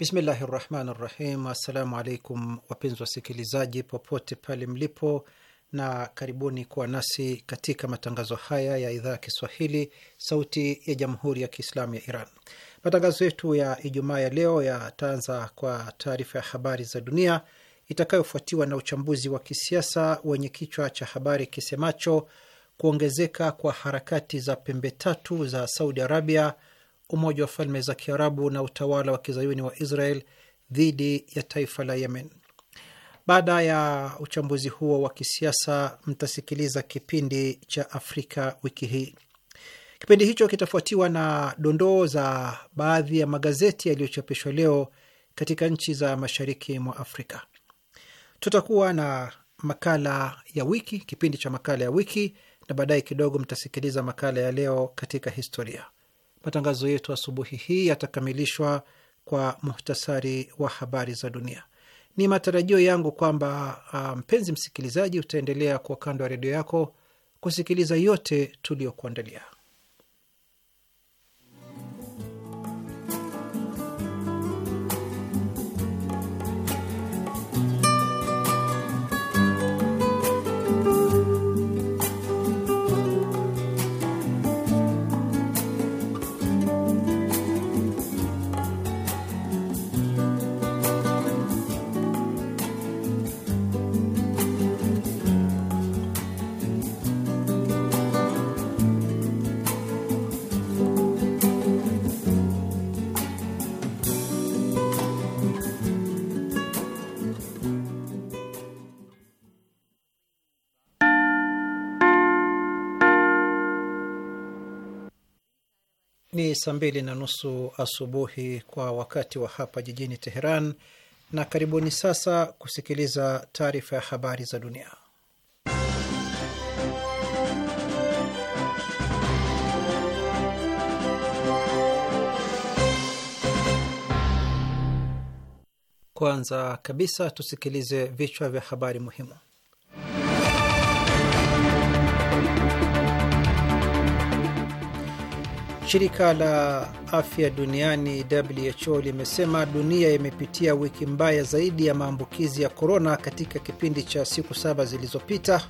Bismillahi rahmani rahim. Assalamu alaikum wapenzi wasikilizaji popote pale mlipo, na karibuni kuwa nasi katika matangazo haya ya idhaa ya Kiswahili sauti ya jamhuri ya Kiislamu ya Iran. Matangazo yetu ya Ijumaa ya leo yataanza kwa taarifa ya habari za dunia itakayofuatiwa na uchambuzi wa kisiasa wenye kichwa cha habari kisemacho kuongezeka kwa harakati za pembe tatu za Saudi Arabia Umoja wa Falme za Kiarabu na utawala wa kizayuni wa Israel dhidi ya taifa la Yemen. Baada ya uchambuzi huo wa kisiasa, mtasikiliza kipindi cha Afrika wiki hii. Kipindi hicho kitafuatiwa na dondoo za baadhi ya magazeti yaliyochapishwa leo katika nchi za mashariki mwa Afrika. Tutakuwa na makala ya wiki, kipindi cha makala ya wiki, na baadaye kidogo mtasikiliza makala ya leo katika historia. Matangazo yetu asubuhi hii yatakamilishwa kwa muhtasari wa habari za dunia. Ni matarajio yangu kwamba uh, mpenzi um, msikilizaji utaendelea kuwa kando ya redio yako kusikiliza yote tuliyokuandalia. Ni saa mbili na nusu asubuhi kwa wakati wa hapa jijini Teheran, na karibuni sasa kusikiliza taarifa ya habari za dunia. Kwanza kabisa tusikilize vichwa vya habari muhimu. Shirika la afya duniani WHO limesema dunia imepitia wiki mbaya zaidi ya maambukizi ya korona katika kipindi cha siku saba zilizopita.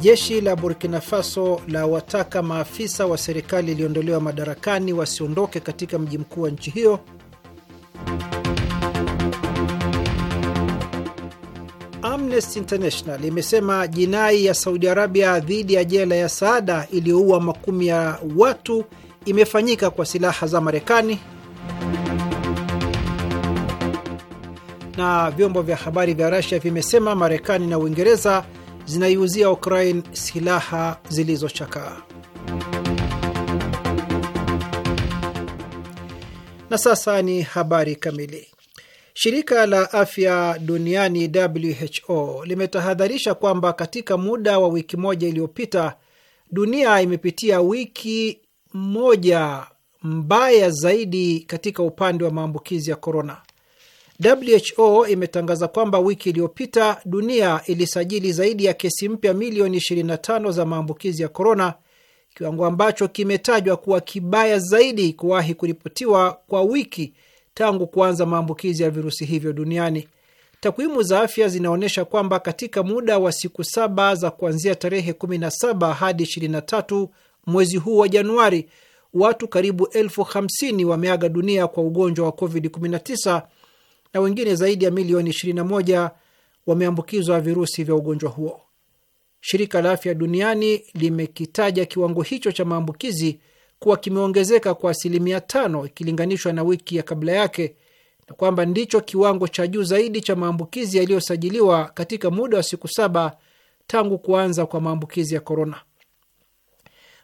Jeshi la Burkina Faso la wataka maafisa wa serikali iliyoondolewa madarakani wasiondoke katika mji mkuu wa nchi hiyo. Amnesty International imesema jinai ya Saudi Arabia dhidi ya jela ya Saada iliyoua makumi ya watu imefanyika kwa silaha za Marekani. Na vyombo vya habari vya rasia vimesema Marekani na Uingereza zinaiuzia Ukraine silaha zilizochakaa. Na sasa ni habari kamili. Shirika la afya duniani WHO limetahadharisha kwamba katika muda wa wiki moja iliyopita, dunia imepitia wiki moja mbaya zaidi katika upande wa maambukizi ya korona. WHO imetangaza kwamba wiki iliyopita dunia ilisajili zaidi ya kesi mpya milioni 25 za maambukizi ya korona, kiwango ambacho kimetajwa kuwa kibaya zaidi kuwahi kuripotiwa kwa wiki tangu kuanza maambukizi ya virusi hivyo duniani. Takwimu za afya zinaonyesha kwamba katika muda wa siku saba za kuanzia tarehe 17 hadi 23 mwezi huu wa Januari, watu karibu elfu hamsini wameaga dunia kwa ugonjwa wa COVID-19 na wengine zaidi ya milioni 21 wameambukizwa virusi vya ugonjwa huo. Shirika la Afya Duniani limekitaja kiwango hicho cha maambukizi kuwa kimeongezeka kwa asilimia tano ikilinganishwa na wiki ya kabla yake na kwamba ndicho kiwango cha juu zaidi cha maambukizi yaliyosajiliwa katika muda wa siku saba tangu kuanza kwa maambukizi ya korona.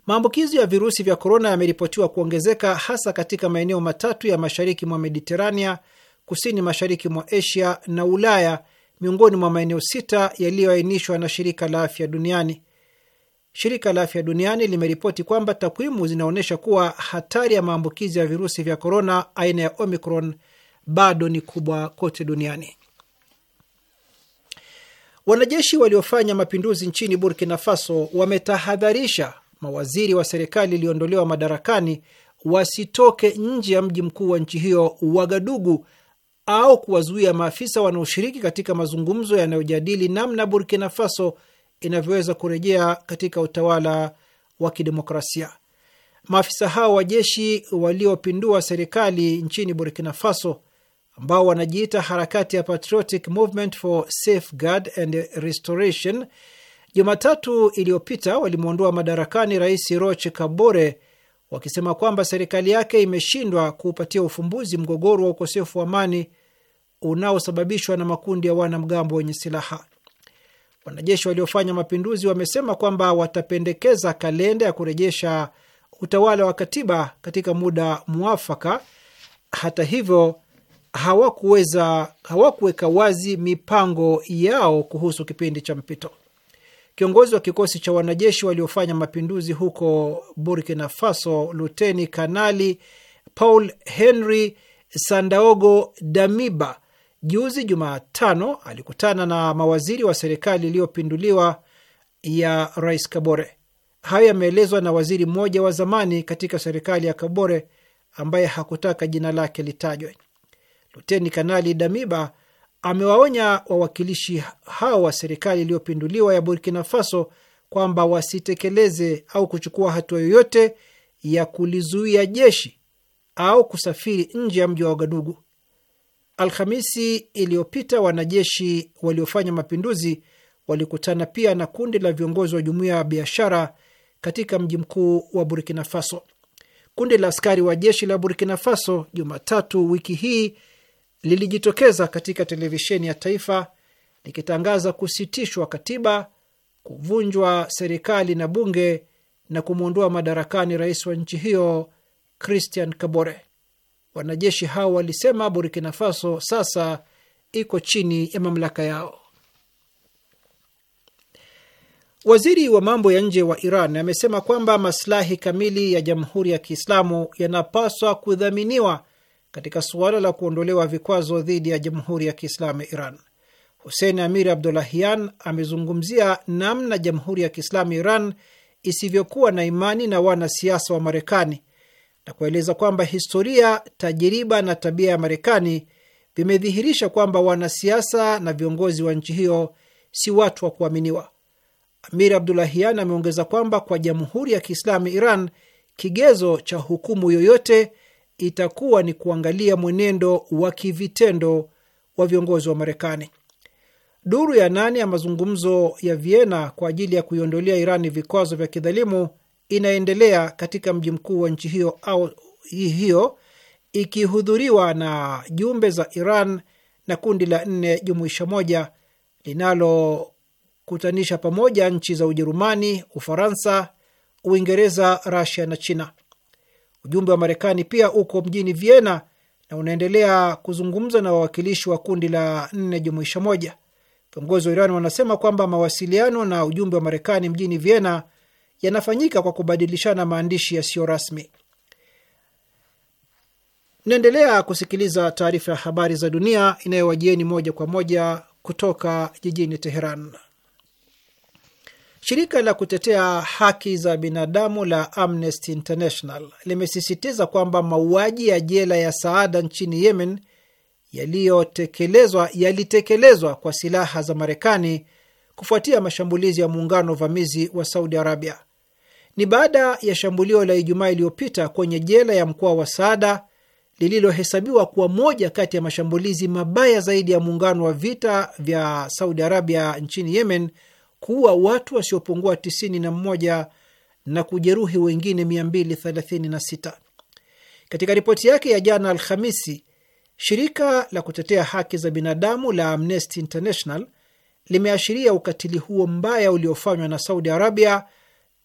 Maambukizi ya virusi vya korona yameripotiwa kuongezeka hasa katika maeneo matatu ya mashariki mwa Mediterania, kusini mashariki mwa Asia na Ulaya, miongoni mwa maeneo sita yaliyoainishwa na shirika la afya duniani. Shirika la Afya Duniani limeripoti kwamba takwimu zinaonyesha kuwa hatari ya maambukizi ya virusi vya korona aina ya Omicron bado ni kubwa kote duniani. Wanajeshi waliofanya mapinduzi nchini Burkina Faso wametahadharisha mawaziri wa serikali iliyoondolewa madarakani wasitoke nje ya mji mkuu wa nchi hiyo Wagadugu au kuwazuia maafisa wanaoshiriki katika mazungumzo yanayojadili namna Burkina Faso inavyoweza kurejea katika utawala wa kidemokrasia. Maafisa hao wa jeshi waliopindua serikali nchini Burkina Faso, ambao wanajiita harakati ya Patriotic Movement for Safeguard and Restoration, Jumatatu iliyopita walimwondoa madarakani Rais Roch Kabore wakisema kwamba serikali yake imeshindwa kuupatia ufumbuzi mgogoro wa ukosefu wa amani unaosababishwa na makundi ya wanamgambo wenye silaha. Wanajeshi waliofanya mapinduzi wamesema kwamba watapendekeza kalenda ya kurejesha utawala wa katiba katika muda mwafaka. Hata hivyo, hawakuweza hawakuweka wazi mipango yao kuhusu kipindi cha mpito. Kiongozi wa kikosi cha wanajeshi waliofanya mapinduzi huko Burkina Faso, Luteni Kanali Paul Henry Sandaogo Damiba Juzi Jumatano alikutana na mawaziri wa serikali iliyopinduliwa ya Rais Kabore. Hayo yameelezwa na waziri mmoja wa zamani katika serikali ya Kabore ambaye hakutaka jina lake litajwe. Luteni Kanali Damiba amewaonya wawakilishi hao wa serikali iliyopinduliwa ya Burkina Faso kwamba wasitekeleze au kuchukua hatua yoyote ya kulizuia jeshi au kusafiri nje ya mji wa Wagadugu. Alhamisi iliyopita wanajeshi waliofanya mapinduzi walikutana pia na kundi la viongozi wa jumuiya ya biashara katika mji mkuu wa Burkina Faso. Kundi la askari wa jeshi la Burkina Faso Jumatatu wiki hii lilijitokeza katika televisheni ya taifa likitangaza kusitishwa katiba, kuvunjwa serikali na bunge na kumwondoa madarakani rais wa nchi hiyo Christian Kabore. Wanajeshi hao walisema Burkina Faso sasa iko chini ya mamlaka yao. Waziri wa mambo ya nje wa Iran amesema kwamba maslahi kamili ya Jamhuri ya Kiislamu yanapaswa kudhaminiwa katika suala la kuondolewa vikwazo dhidi ya Jamhuri ya Kiislamu ya Iran. Hussein Amir Abdollahian amezungumzia namna Jamhuri ya Kiislamu ya Iran isivyokuwa na imani na wanasiasa wa Marekani na kueleza kwamba historia, tajiriba na tabia ya Marekani vimedhihirisha kwamba wanasiasa na viongozi wa nchi hiyo si watu wa kuaminiwa. Amir Abdulahian ameongeza kwamba kwa Jamhuri ya Kiislamu Iran, kigezo cha hukumu yoyote itakuwa ni kuangalia mwenendo wa kivitendo wa viongozi wa Marekani. Duru ya nane ya mazungumzo ya Vienna kwa ajili ya kuiondolea Irani vikwazo vya kidhalimu inaendelea katika mji mkuu wa nchi hiyo au hiyo ikihudhuriwa na jumbe za Iran na kundi la nne jumuisha moja linalokutanisha pamoja nchi za Ujerumani, Ufaransa, Uingereza, Rasia na China. Ujumbe wa Marekani pia uko mjini Vienna na unaendelea kuzungumza na wawakilishi wa kundi la nne jumuisha moja. Viongozi wa Iran wanasema kwamba mawasiliano na ujumbe wa Marekani mjini Vienna yanafanyika kwa kubadilishana maandishi yasiyo rasmi. Mnaendelea kusikiliza taarifa ya habari za dunia inayowajieni moja kwa moja kutoka jijini Teheran. Shirika la kutetea haki za binadamu la Amnesty International limesisitiza kwamba mauaji ya jela ya Saada nchini Yemen yaliyotekelezwa yalitekelezwa kwa silaha za Marekani kufuatia mashambulizi ya muungano uvamizi wa Saudi Arabia ni baada ya shambulio la Ijumaa iliyopita kwenye jela ya mkoa wa Saada lililohesabiwa kuwa moja kati ya mashambulizi mabaya zaidi ya muungano wa vita vya Saudi Arabia nchini Yemen, kuua watu wasiopungua 91 na kujeruhi wengine 236. Katika ripoti yake ya jana Alhamisi, shirika la kutetea haki za binadamu la Amnesty International limeashiria ukatili huo mbaya uliofanywa na Saudi Arabia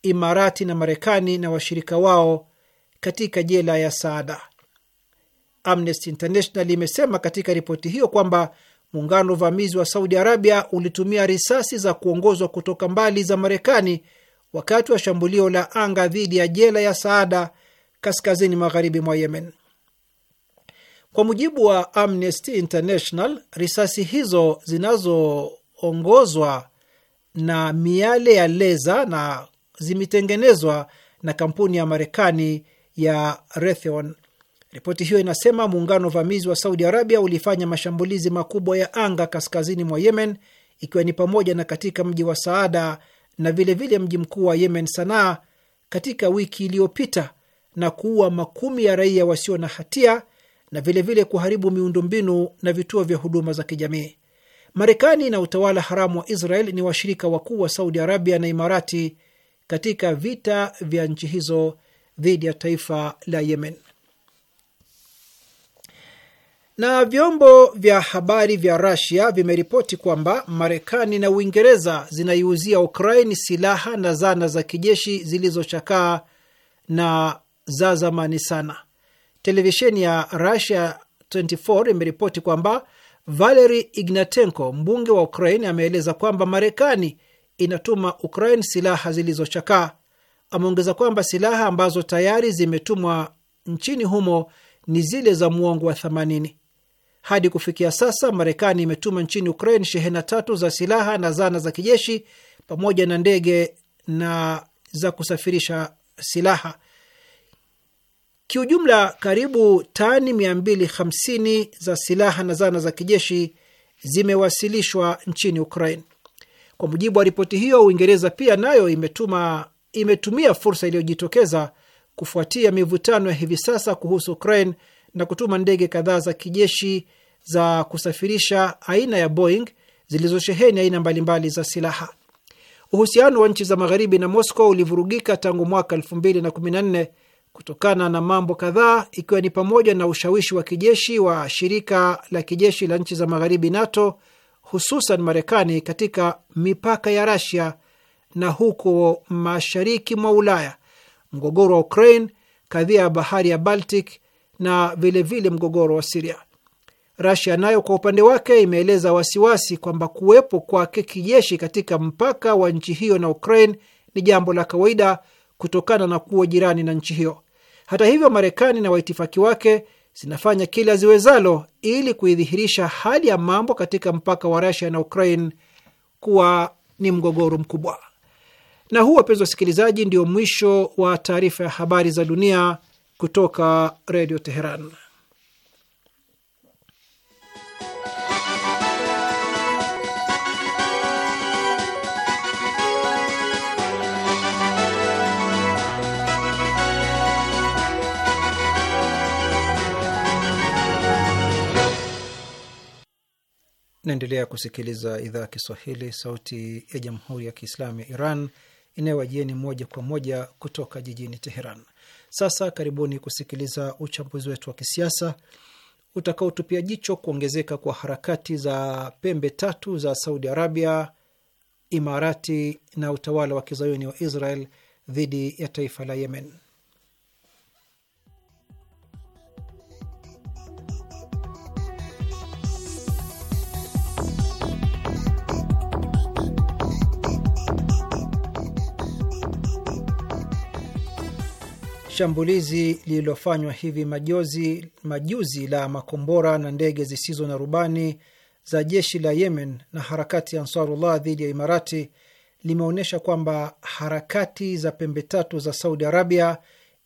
Imarati na Marekani na washirika wao katika jela ya Saada. Amnesty International imesema katika ripoti hiyo kwamba muungano uvamizi wa Saudi Arabia ulitumia risasi za kuongozwa kutoka mbali za Marekani wakati wa shambulio la anga dhidi ya jela ya Saada kaskazini magharibi mwa Yemen. Kwa mujibu wa Amnesty International, risasi hizo zinazoongozwa na miale ya leza na zimetengenezwa na kampuni ya Marekani ya Raytheon. Ripoti hiyo inasema muungano vamizi wa Saudi Arabia ulifanya mashambulizi makubwa ya anga kaskazini mwa Yemen, ikiwa ni pamoja na katika mji wa Saada na vilevile mji mkuu wa Yemen, Sanaa, katika wiki iliyopita na kuua makumi ya raia wasio na hatia na vilevile vile kuharibu miundombinu na vituo vya huduma za kijamii. Marekani na utawala haramu wa Israel ni washirika wakuu wa Saudi Arabia na Imarati katika vita vya nchi hizo dhidi ya taifa la Yemen. Na vyombo vya habari vya Russia vimeripoti kwamba Marekani na Uingereza zinaiuzia Ukraini silaha na zana za kijeshi zilizochakaa na za zamani sana. Televisheni ya Russia 24 imeripoti kwamba Valery Ignatenko, mbunge wa ukrain ameeleza kwamba Marekani inatuma Ukraine silaha zilizochakaa. Ameongeza kwamba silaha ambazo tayari zimetumwa nchini humo ni zile za muongo wa 80. Hadi kufikia sasa, Marekani imetuma nchini Ukraine shehena tatu za silaha na zana za kijeshi pamoja na ndege na za kusafirisha silaha. Kiujumla, karibu tani 250 za silaha na zana za kijeshi zimewasilishwa nchini Ukraine. Kwa mujibu wa ripoti hiyo, Uingereza pia nayo imetuma, imetumia fursa iliyojitokeza kufuatia mivutano ya hivi sasa kuhusu Ukraine na kutuma ndege kadhaa za kijeshi za kusafirisha aina ya Boeing zilizosheheni aina mbalimbali za silaha. Uhusiano wa nchi za magharibi na Moscow ulivurugika tangu mwaka 2014 kutokana na mambo kadhaa, ikiwa ni pamoja na ushawishi wa kijeshi wa shirika la kijeshi la nchi za magharibi NATO hususan Marekani katika mipaka ya Rasia na huko mashariki mwa Ulaya, mgogoro wa Ukraine, kadhia ya bahari ya Baltic na vilevile vile mgogoro wa Siria. Rasia nayo kwa upande wake imeeleza wasiwasi kwamba kuwepo kwake kijeshi katika mpaka wa nchi hiyo na Ukraine ni jambo la kawaida kutokana na kuwa jirani na nchi hiyo. Hata hivyo, Marekani na waitifaki wake zinafanya kila ziwezalo ili kuidhihirisha hali ya mambo katika mpaka wa Russia na Ukraine kuwa ni mgogoro mkubwa. Na huu, wapenzi wasikilizaji, ndio mwisho wa taarifa ya habari za dunia kutoka Redio Teheran. Naendelea kusikiliza idhaa ya Kiswahili, sauti ya jamhuri ya kiislamu ya Iran inayowajieni moja kwa moja kutoka jijini Teheran. Sasa karibuni kusikiliza uchambuzi wetu wa kisiasa utakaotupia jicho kuongezeka kwa harakati za pembe tatu za Saudi Arabia, Imarati na utawala wa kizayuni wa Israel dhidi ya taifa la Yemen. Shambulizi lililofanywa hivi majuzi, majuzi la makombora na ndege zisizo na rubani za jeshi la Yemen na harakati ya Ansarullah dhidi ya Imarati limeonyesha kwamba harakati za pembe tatu za Saudi Arabia,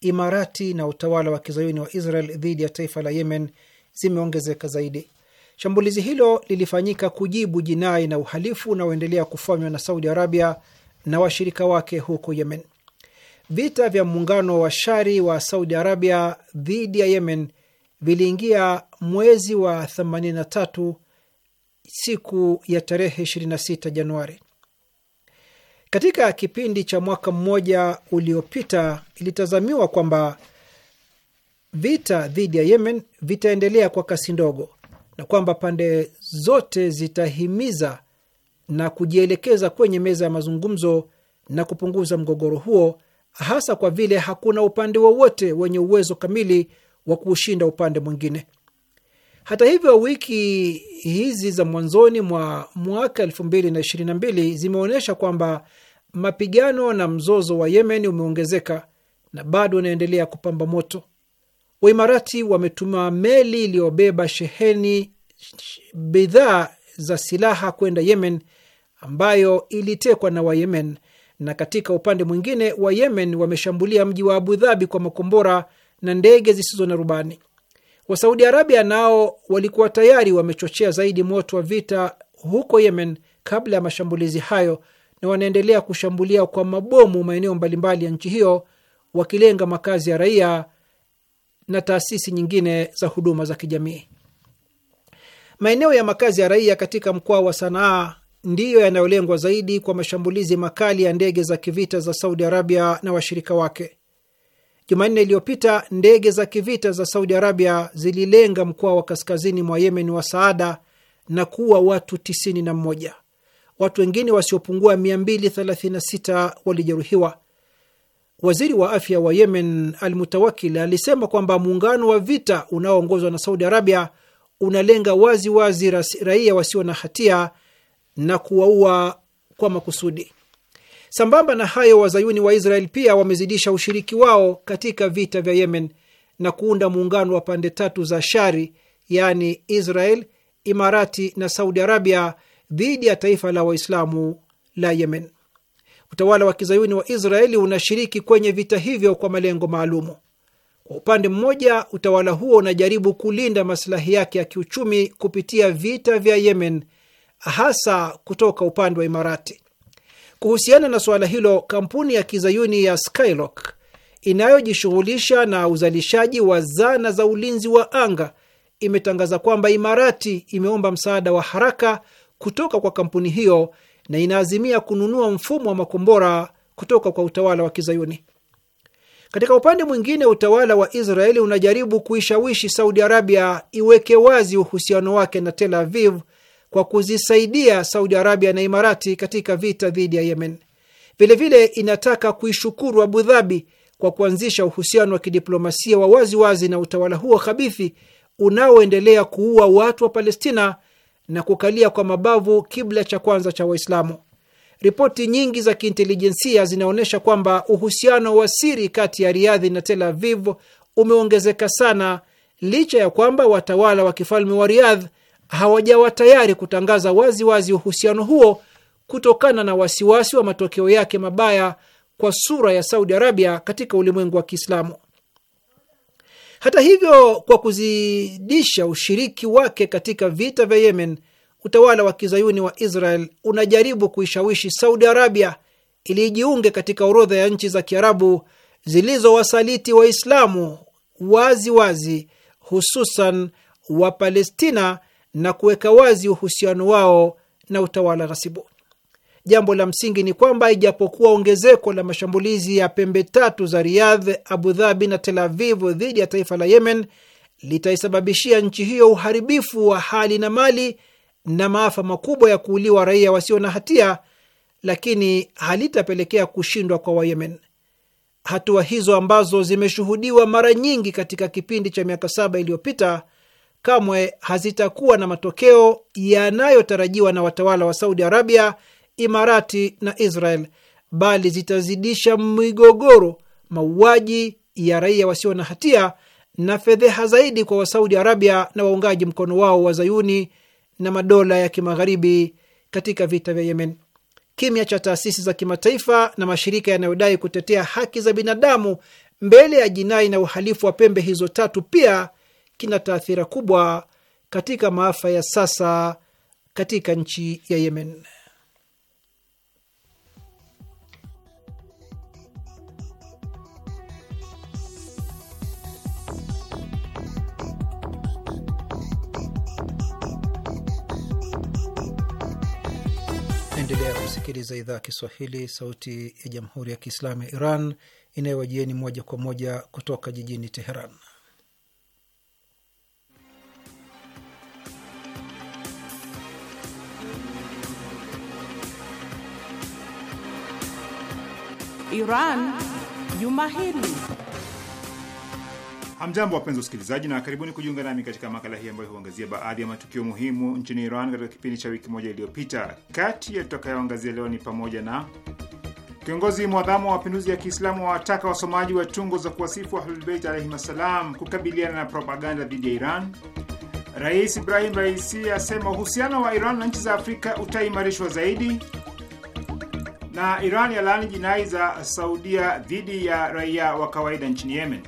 Imarati na utawala wa kizayuni wa Israel dhidi ya taifa la Yemen zimeongezeka zaidi. Shambulizi hilo lilifanyika kujibu jinai na uhalifu unaoendelea kufanywa na Saudi Arabia na washirika wake huko Yemen. Vita vya muungano wa shari wa Saudi Arabia dhidi ya Yemen viliingia mwezi wa 83 siku ya tarehe 26 Januari. Katika kipindi cha mwaka mmoja uliopita, ilitazamiwa kwamba vita dhidi ya Yemen vitaendelea kwa kasi ndogo na kwamba pande zote zitahimiza na kujielekeza kwenye meza ya mazungumzo na kupunguza mgogoro huo hasa kwa vile hakuna upande wowote wenye uwezo kamili wa kuushinda upande mwingine. Hata hivyo, wiki hizi za mwanzoni mwa mwaka 2022 zimeonyesha kwamba mapigano na mzozo wa Yemen umeongezeka na bado unaendelea kupamba moto. Waimarati wametuma meli iliyobeba sheheni bidhaa za silaha kwenda Yemen ambayo ilitekwa na Wayemen na katika upande mwingine wa Yemen wameshambulia mji wa Abu Dhabi kwa makombora na ndege zisizo na rubani. saudi Arabia nao walikuwa tayari wamechochea zaidi moto wa vita huko Yemen kabla ya mashambulizi hayo, na wanaendelea kushambulia kwa mabomu maeneo mbalimbali ya nchi hiyo, wakilenga makazi ya raia na taasisi nyingine za huduma za kijamii. Maeneo ya makazi ya raia katika mkoa wa Sanaa ndiyo yanayolengwa zaidi kwa mashambulizi makali ya ndege za kivita za Saudi Arabia na washirika wake. Jumanne iliyopita ndege za kivita za Saudi Arabia zililenga mkoa wa kaskazini mwa Yemen wa Saada na kuua watu 91. Watu wengine wasiopungua 236 walijeruhiwa. Waziri wa afya wa Yemen Al-Mutawakil alisema kwamba muungano wa vita unaoongozwa na Saudi Arabia unalenga waziwazi wazi raia wasio na hatia na kuwaua kwa makusudi. Sambamba na hayo, wazayuni wa Israel pia wamezidisha ushiriki wao katika vita vya Yemen na kuunda muungano wa pande tatu za shari, yaani Israel, Imarati na Saudi Arabia dhidi ya taifa la Waislamu la Yemen. Utawala wa kizayuni wa Israeli unashiriki kwenye vita hivyo kwa malengo maalumu. Kwa upande mmoja, utawala huo unajaribu kulinda masilahi yake ya kiuchumi kupitia vita vya Yemen hasa kutoka upande wa Imarati. Kuhusiana na suala hilo, kampuni ya kizayuni ya Skylock inayojishughulisha na uzalishaji wa zana za ulinzi wa anga imetangaza kwamba Imarati imeomba msaada wa haraka kutoka kwa kampuni hiyo na inaazimia kununua mfumo wa makombora kutoka kwa utawala wa kizayuni. Katika upande mwingine, utawala wa Israeli unajaribu kuishawishi Saudi Arabia iweke wazi uhusiano wake na Tel Aviv kwa kuzisaidia Saudi Arabia na Imarati katika vita dhidi ya Yemen. Vilevile inataka kuishukuru Abu Dhabi kwa kuanzisha uhusiano wa kidiplomasia wa waziwazi wazi na utawala huo khabithi unaoendelea kuua watu wa Palestina na kukalia kwa mabavu kibla cha kwanza cha Waislamu. Ripoti nyingi za kiintelijensia zinaonyesha kwamba uhusiano wa siri kati ya Riadhi na Tel Aviv umeongezeka sana licha ya kwamba watawala wa kifalme wa Riadh hawajawa tayari kutangaza wazi wazi uhusiano huo kutokana na wasiwasi wa matokeo yake mabaya kwa sura ya Saudi Arabia katika ulimwengu wa Kiislamu. Hata hivyo, kwa kuzidisha ushiriki wake katika vita vya Yemen, utawala wa kizayuni wa Israel unajaribu kuishawishi Saudi Arabia ili ijiunge katika orodha ya nchi za Kiarabu zilizowasaliti Waislamu wazi wazi, hususan Wapalestina na kuweka wazi uhusiano wao na utawala ghasibu. Jambo la msingi ni kwamba ijapokuwa ongezeko la mashambulizi ya pembe tatu za Riyadh, Abu Dhabi na Tel Avivu dhidi ya taifa la Yemen litaisababishia nchi hiyo uharibifu wa hali na mali na maafa makubwa ya kuuliwa raia wasio na hatia, lakini halitapelekea kushindwa kwa Wayemen. Hatua hizo ambazo zimeshuhudiwa mara nyingi katika kipindi cha miaka saba iliyopita kamwe hazitakuwa na matokeo yanayotarajiwa na watawala wa Saudi Arabia, Imarati na Israel, bali zitazidisha migogoro, mauaji ya raia wasio na hatia na fedheha zaidi kwa Wasaudi Arabia na waungaji mkono wao wa Zayuni na madola ya kimagharibi katika vita vya Yemen. Kimya cha taasisi za kimataifa na mashirika yanayodai kutetea haki za binadamu mbele ya jinai na uhalifu wa pembe hizo tatu pia kina taathira kubwa katika maafa ya sasa katika nchi ya Yemen. Endelea kusikiliza idhaa ya Kiswahili, sauti ya jamhuri ya kiislamu ya Iran inayowajieni moja kwa moja kutoka jijini Teheran. Iran juma hili. Hamjambo, wapenzi usikilizaji na karibuni kujiunga nami katika makala hii ambayo huangazia baadhi ya matukio muhimu nchini Iran katika kipindi cha wiki moja iliyopita. Kati ya tutakayoangazia leo ni pamoja na Kiongozi mwadhamu wa mapinduzi ya Kiislamu wawataka wasomaji wa tungo za kuwasifu Ahlulbeit alaihim assalam kukabiliana na propaganda dhidi ya Iran. Rais Ibrahim Raisi asema uhusiano wa Iran na nchi za Afrika utaimarishwa zaidi na Iran yalaani jinai za Saudia dhidi ya raia wa kawaida nchini Yemen.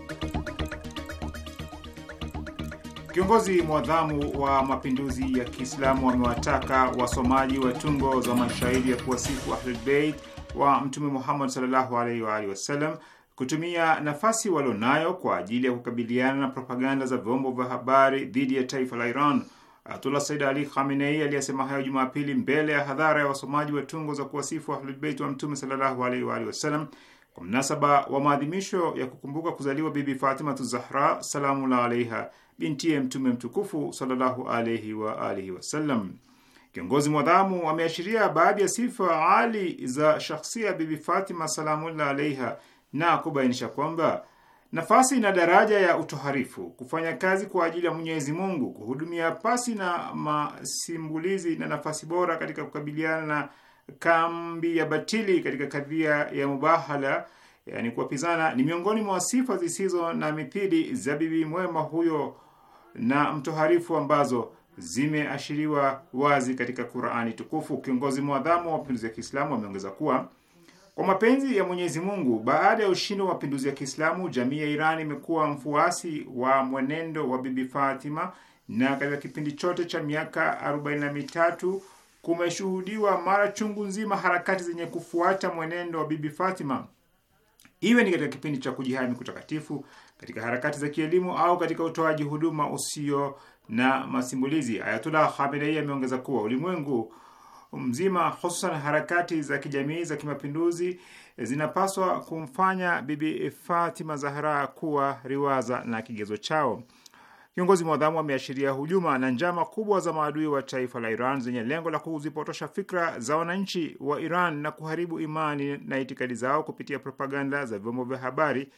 Kiongozi mwadhamu wa mapinduzi ya Kiislamu wamewataka wasomaji wa tungo za mashairi ya kuwasifu Ahlulbeit wa Mtume Muhammad sallallahu alaihi wa alihi wasallam kutumia nafasi walionayo kwa ajili ya kukabiliana na propaganda za vyombo vya habari dhidi ya taifa la Iran. Atula Said Ali Khamenei aliyesema hayo Jumapili mbele ya hadhara ya wasomaji wa tungo za kuwasifu Ahlulbeit wa Mtume sallallahu alaihi wa alihi wasallam kwa mnasaba wa maadhimisho ya kukumbuka kuzaliwa Bibi Fatimatu Zahra salamullah alaiha, bintiye Mtume mtukufu sallallahu alaihi wa alihi wasallam. Kiongozi mwadhamu ameashiria baadhi ya sifa ali za shakhsia Bibi Fatima salamullah alaiha na kubainisha kwamba nafasi na daraja ya utoharifu, kufanya kazi kwa ajili ya Mwenyezi Mungu, kuhudumia pasi na masimbulizi na nafasi bora katika kukabiliana na kambi ya batili katika kadhia ya mubahala, yani kuwapizana, ni miongoni mwa sifa zisizo na mithili za bibi mwema huyo na mtoharifu ambazo zimeashiriwa wazi katika Qur'ani tukufu. Kiongozi mwadhamu wa mapinduzi ya Kiislamu ameongeza kuwa kwa mapenzi ya Mwenyezi Mungu, baada ya ushindi wa mapinduzi ya Kiislamu, jamii ya Iran imekuwa mfuasi wa mwenendo wa Bibi Fatima, na katika kipindi chote cha miaka 43 mitatu kumeshuhudiwa mara chungu nzima harakati zenye kufuata mwenendo wa Bibi Fatima, iwe ni katika kipindi cha kujihami kutakatifu, katika harakati za kielimu au katika utoaji huduma usio na masimulizi. Ayatullah Khamenei ameongeza kuwa ulimwengu mzima, hususan harakati za kijamii za kimapinduzi eh, zinapaswa kumfanya Bibi Fatima Zahra kuwa riwaza na kigezo chao. Kiongozi mwadhamu ameashiria hujuma na njama kubwa za maadui wa taifa la Iran zenye lengo la kuzipotosha fikra za wananchi wa Iran na kuharibu imani na itikadi zao kupitia propaganda za vyombo vya habari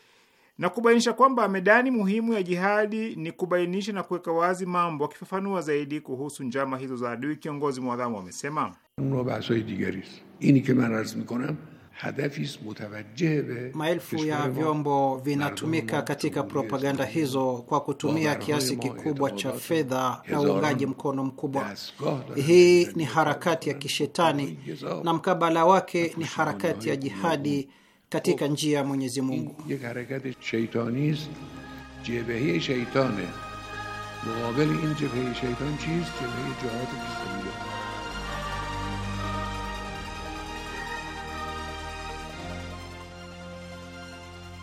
na kubainisha kwamba medani muhimu ya jihadi ni kubainisha na kuweka wazi mambo. Akifafanua zaidi kuhusu njama hizo za adui, kiongozi mwadhamu amesema اون رو دیگری است اینی که من عرض میکنم Maelfu ya vyombo vinatumika katika propaganda hizo kwa kutumia kiasi kikubwa cha fedha na uungaji mkono mkubwa. Hii ni harakati ya kishetani na mkabala wake ni harakati ya jihadi katika njia ya Mwenyezi Mungu.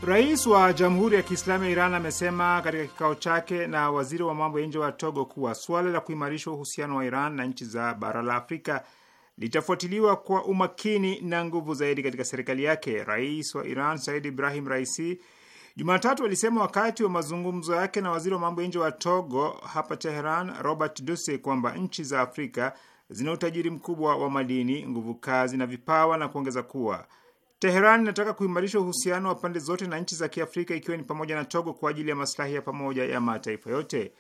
Rais wa Jamhuri ya Kiislamu ya Iran amesema katika kikao chake na waziri wa mambo ya nje wa Togo kuwa suala la kuimarisha uhusiano wa Iran na nchi za bara la Afrika litafuatiliwa kwa umakini na nguvu zaidi katika serikali yake. Rais wa Iran Said Ibrahim Raisi Jumatatu alisema wakati wa mazungumzo yake na waziri wa mambo ya nje wa Togo hapa Teheran, Robert Duse, kwamba nchi za Afrika zina utajiri mkubwa wa madini, nguvu kazi na vipawa, na kuongeza kuwa Teheran inataka kuimarisha uhusiano wa pande zote na nchi za Kiafrika, ikiwa ni pamoja na Togo kwa ajili ya maslahi ya pamoja ya mataifa yote.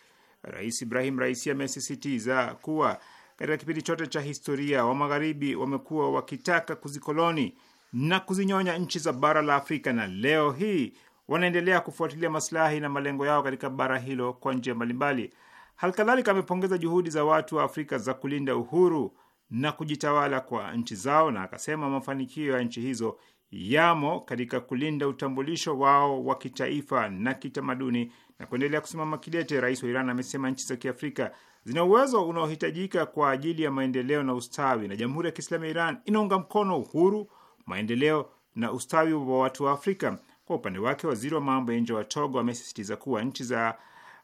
Rais Ibrahim Raisi amesisitiza kuwa katika kipindi chote cha historia wa Magharibi wamekuwa wakitaka kuzikoloni na kuzinyonya nchi za bara la Afrika, na leo hii wanaendelea kufuatilia maslahi na malengo yao katika bara hilo kwa njia mbalimbali. Halikadhalika amepongeza juhudi za watu wa Afrika za kulinda uhuru na kujitawala kwa nchi zao, na akasema mafanikio ya nchi hizo yamo katika kulinda utambulisho wao wa kitaifa na kitamaduni na kuendelea kusimama kidete. Rais wa Iran amesema nchi za Kiafrika zina uwezo unaohitajika kwa ajili ya maendeleo na ustawi, na Jamhuri ya Kiislamu ya Iran inaunga mkono uhuru, maendeleo na ustawi wa watu wa Afrika. Kwa upande wake, waziri wa mambo ya nje wa Togo amesisitiza kuwa nchi za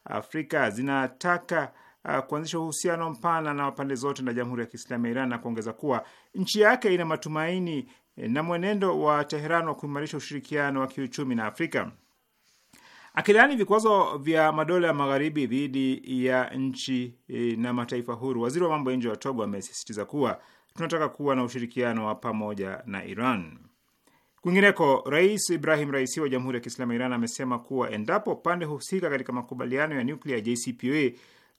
Afrika zinataka Uh, kuanzisha uhusiano mpana na pande zote na Jamhuri ya Kiislamu ya Iran na kuongeza kuwa nchi yake ina matumaini eh, na mwenendo wa Teheran wa kuimarisha ushirikiano wa kiuchumi na Afrika. Akilaani vikwazo vya madola ya magharibi dhidi ya nchi eh, na mataifa huru, waziri wa mambo ya nje wa Togo amesisitiza kuwa tunataka kuwa na ushirikiano wa pamoja na Iran. Kwingineko, Rais Ibrahim Raisi wa Jamhuri ya Kiislamu ya Iran amesema kuwa endapo pande husika katika makubaliano ya nuklia JCPOA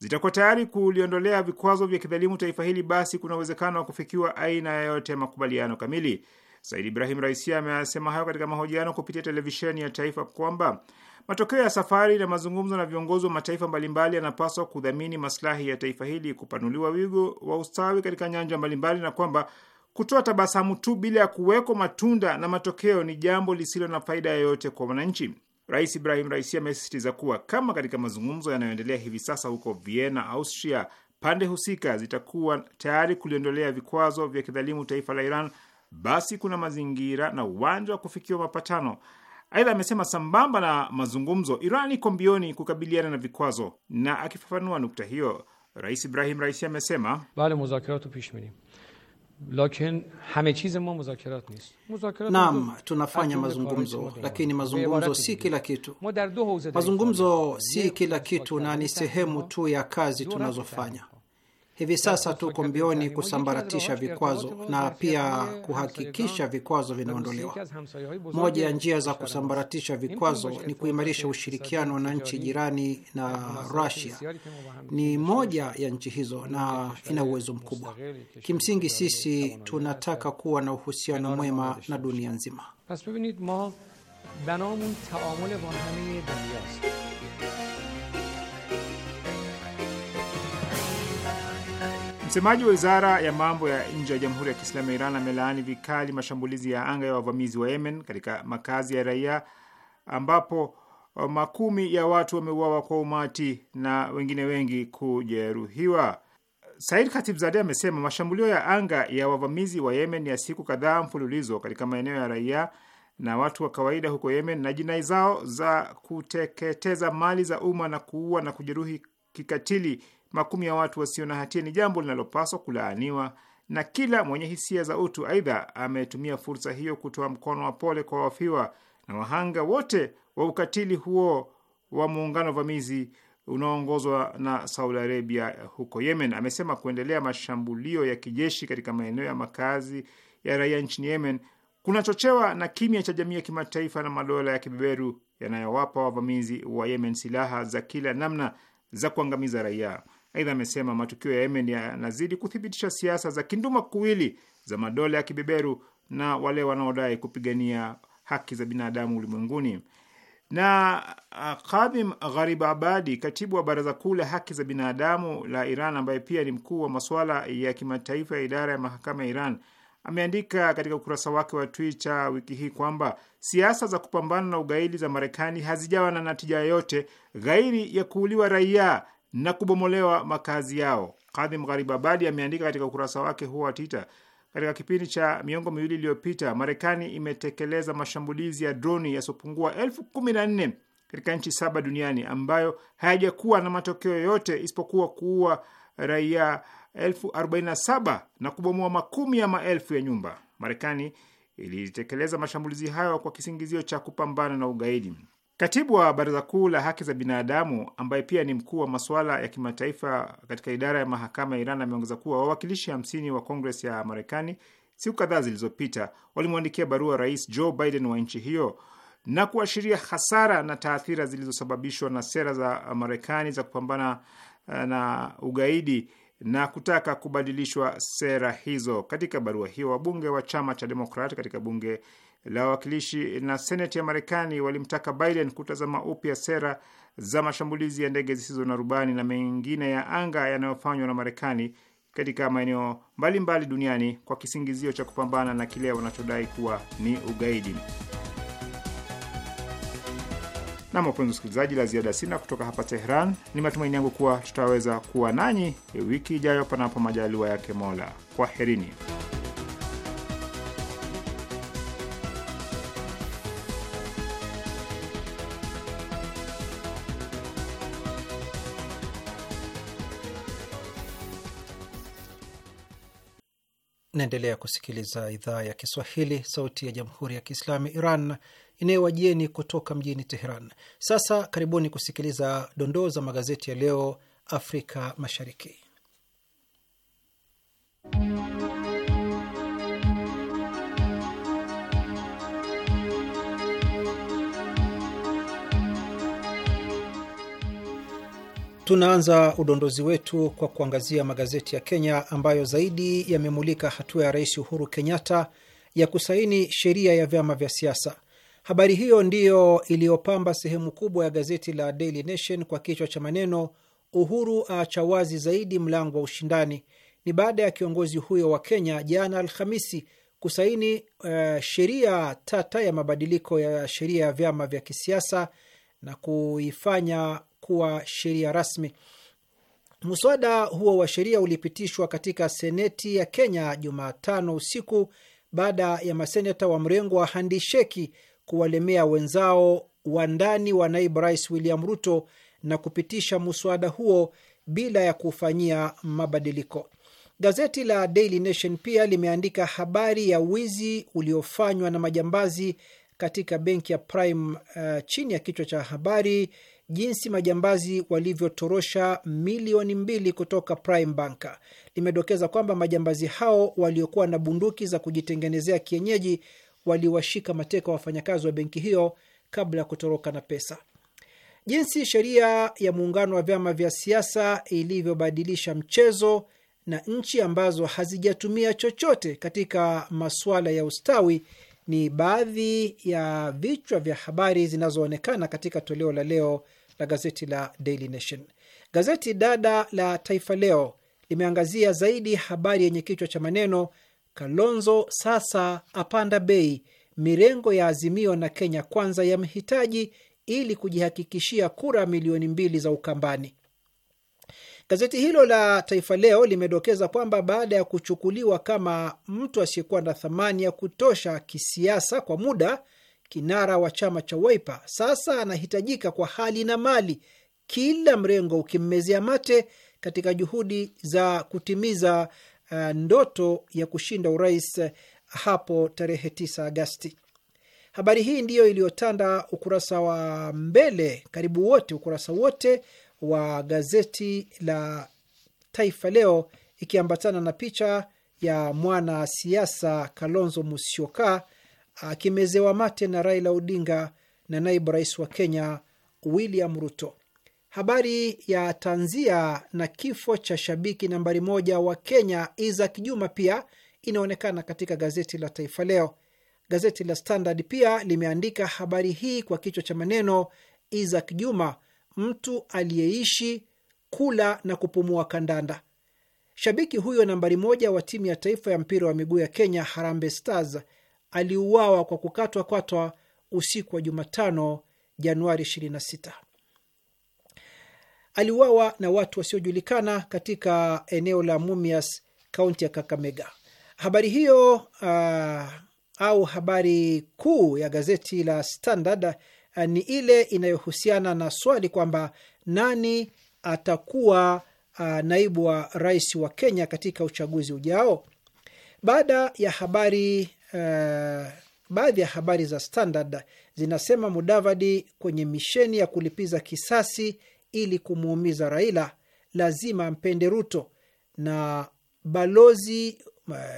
zitakuwa tayari kuliondolea vikwazo vya kidhalimu taifa hili, basi kuna uwezekano wa kufikiwa aina yoyote ya makubaliano kamili. Said Ibrahim Raisi amesema hayo katika mahojiano kupitia televisheni ya taifa kwamba matokeo ya safari na mazungumzo na viongozi wa mataifa mbalimbali yanapaswa kudhamini maslahi ya taifa hili, kupanuliwa wigo wa ustawi katika nyanja mbalimbali, na kwamba kutoa tabasamu tu bila ya kuwekwa matunda na matokeo ni jambo lisilo na faida yoyote kwa wananchi. Rais Ibrahim Raisi amesisitiza kuwa kama katika mazungumzo yanayoendelea hivi sasa huko Vienna, Austria, pande husika zitakuwa tayari kuliondolea vikwazo vya kidhalimu taifa la Iran, basi kuna mazingira na uwanja wa kufikiwa mapatano. Aidha amesema sambamba na mazungumzo, Iran iko mbioni kukabiliana na vikwazo. Na akifafanua nukta hiyo, Rais Ibrahim Raisi amesema bale muzakiratu pish Lakin, hame nist. Muzakirat naam, tunafanya mazungumzo, lakini mazungumzo si kila kitu. Mazungumzo si kila kitu na ni sehemu tu ya kazi tunazofanya. Hivi sasa tuko mbioni kusambaratisha vikwazo na pia kuhakikisha vikwazo vinaondolewa. Moja ya njia za kusambaratisha vikwazo ni kuimarisha ushirikiano na nchi jirani, na rasia ni moja ya nchi hizo na ina uwezo mkubwa. Kimsingi sisi tunataka kuwa na uhusiano mwema na dunia nzima. Msemaji wa wizara ya mambo ya nje ya Jamhuri ya Kiislamu ya Iran amelaani vikali mashambulizi ya anga ya wavamizi wa Yemen katika makazi ya raia ambapo uh, makumi ya watu wameuawa kwa umati na wengine wengi kujeruhiwa. Said Khatibzadeh amesema mashambulio ya anga ya wavamizi wa Yemen ya siku kadhaa mfululizo katika maeneo ya raia na watu wa kawaida huko Yemen na jinai zao za kuteketeza mali za umma na kuua na kujeruhi kikatili makumi ya watu wasio na hatia ni jambo linalopaswa kulaaniwa na kila mwenye hisia za utu. Aidha, ametumia fursa hiyo kutoa mkono wa pole kwa wafiwa na wahanga wote wa ukatili huo wa muungano vamizi unaoongozwa na Saudi Arabia huko Yemen. Amesema kuendelea mashambulio ya kijeshi katika maeneo ya makazi ya raia nchini Yemen kunachochewa na kimya cha jamii ya kimataifa na madola ya kibeberu yanayowapa wavamizi wa Yemen silaha za kila namna za kuangamiza raia. Aidha amesema matukio ya Yemen yanazidi kuthibitisha siasa za kinduma kuwili za madola ya kibeberu na wale wanaodai kupigania haki za binadamu ulimwenguni. Na uh, Kadhim abadi katibu wa baraza kuu la haki za binadamu la Iran, ambaye pia ni mkuu wa masuala ya kimataifa ya idara ya mahakama ya Iran, ameandika katika ukurasa wake wa Twitter wiki hii kwamba siasa za kupambana na ugaidi za Marekani hazijawa na natija yoyote ghairi ya kuuliwa raia na kubomolewa makazi yao. Kadhim Gharibabadi ameandika katika ukurasa wake huo wa Twitter, katika kipindi cha miongo miwili iliyopita Marekani imetekeleza mashambulizi ya droni yasiyopungua elfu kumi na nne katika nchi saba duniani ambayo hayajakuwa na matokeo yoyote isipokuwa kuua raia elfu arobaini na saba na kubomoa makumi ya maelfu ya nyumba. Marekani ilitekeleza mashambulizi hayo kwa kisingizio cha kupambana na ugaidi. Katibu wa Baraza Kuu la Haki za Binadamu, ambaye pia ni mkuu wa masuala ya kimataifa katika idara ya mahakama ya Iran, ameongeza kuwa wawakilishi hamsini wa Kongres ya Marekani siku kadhaa zilizopita walimwandikia barua Rais Joe Biden wa nchi hiyo na kuashiria hasara na taathira zilizosababishwa na sera za Marekani za kupambana eh, na ugaidi na kutaka kubadilishwa sera hizo. Katika barua hiyo, wabunge wa chama cha Demokrat katika bunge la wawakilishi na seneti ya Marekani walimtaka Biden kutazama upya sera za mashambulizi ya ndege zisizo na rubani na mengine ya anga yanayofanywa na Marekani katika maeneo mbalimbali duniani kwa kisingizio cha kupambana na kile wanachodai kuwa ni ugaidi. Nam, wapenzi usikilizaji la ziada sina kutoka hapa Tehran. Ni matumaini yangu kuwa tutaweza kuwa nanyi wiki ijayo, panapo majaliwa yake Mola. Kwaherini. Naendelea kusikiliza idhaa ya Kiswahili, sauti ya jamhuri ya kiislamu Iran inayowajieni kutoka mjini Teheran. Sasa karibuni kusikiliza dondoo za magazeti ya leo Afrika Mashariki. Tunaanza udondozi wetu kwa kuangazia magazeti ya Kenya ambayo zaidi yamemulika hatua ya Rais Uhuru Kenyatta ya kusaini sheria ya vyama vya siasa. Habari hiyo ndiyo iliyopamba sehemu kubwa ya gazeti la Daily Nation kwa kichwa cha maneno, Uhuru aacha wazi zaidi mlango wa ushindani. Ni baada ya kiongozi huyo wa Kenya jana Alhamisi kusaini uh, sheria tata ya mabadiliko ya sheria ya vyama vya kisiasa na kuifanya kuwa sheria rasmi. mswada huo wa sheria ulipitishwa katika seneti ya Kenya Jumatano usiku baada ya maseneta wa mrengo wa handisheki kuwalemea wenzao wa ndani wa naibu rais William Ruto na kupitisha mswada huo bila ya kufanyia mabadiliko. Gazeti la Daily Nation pia limeandika habari ya wizi uliofanywa na majambazi katika benki ya Prime uh, chini ya kichwa cha habari jinsi majambazi walivyotorosha milioni mbili kutoka Prime Bank. Limedokeza kwamba majambazi hao waliokuwa na bunduki za kujitengenezea kienyeji waliwashika mateka wafanyakazi wa benki hiyo kabla ya kutoroka na pesa. Jinsi sheria ya muungano wa vyama vya siasa ilivyobadilisha mchezo na nchi ambazo hazijatumia chochote katika masuala ya ustawi ni baadhi ya vichwa vya habari zinazoonekana katika toleo la leo la gazeti la Daily Nation. Gazeti dada la Taifa Leo limeangazia zaidi habari yenye kichwa cha maneno Kalonzo sasa apanda bei, mirengo ya Azimio na Kenya Kwanza yamhitaji ili kujihakikishia kura milioni mbili za Ukambani. Gazeti hilo la Taifa Leo limedokeza kwamba baada ya kuchukuliwa kama mtu asiyekuwa na thamani ya kutosha kisiasa kwa muda, kinara wa chama cha Wiper sasa anahitajika kwa hali na mali, kila mrengo ukimmezea mate katika juhudi za kutimiza uh, ndoto ya kushinda urais hapo tarehe 9 Agasti. Habari hii ndiyo iliyotanda ukurasa wa mbele, karibu wote ukurasa wote wa gazeti la Taifa Leo ikiambatana na picha ya mwana siasa Kalonzo Musyoka akimezewa mate na Raila Odinga na naibu rais wa Kenya William Ruto. Habari ya tanzia na kifo cha shabiki nambari moja wa Kenya Isaac Juma pia inaonekana katika gazeti la Taifa Leo. Gazeti la Standard pia limeandika habari hii kwa kichwa cha maneno Isaac Juma mtu aliyeishi kula na kupumua kandanda. Shabiki huyo nambari moja wa timu ya taifa ya mpira wa miguu ya Kenya, Harambee Stars, aliuawa kwa kukatwa katwa usiku wa Jumatano, Januari 26. Aliuawa na watu wasiojulikana katika eneo la Mumias, kaunti ya Kakamega. Habari hiyo uh, au habari kuu ya gazeti la Standard Eh, ni ile inayohusiana na swali kwamba nani atakuwa eh, naibu wa rais wa Kenya katika uchaguzi ujao. Baada ya habari uh, baadhi ya habari za Standard zinasema Mudavadi kwenye misheni ya kulipiza kisasi ili kumuumiza Raila lazima ampende Ruto, na balozi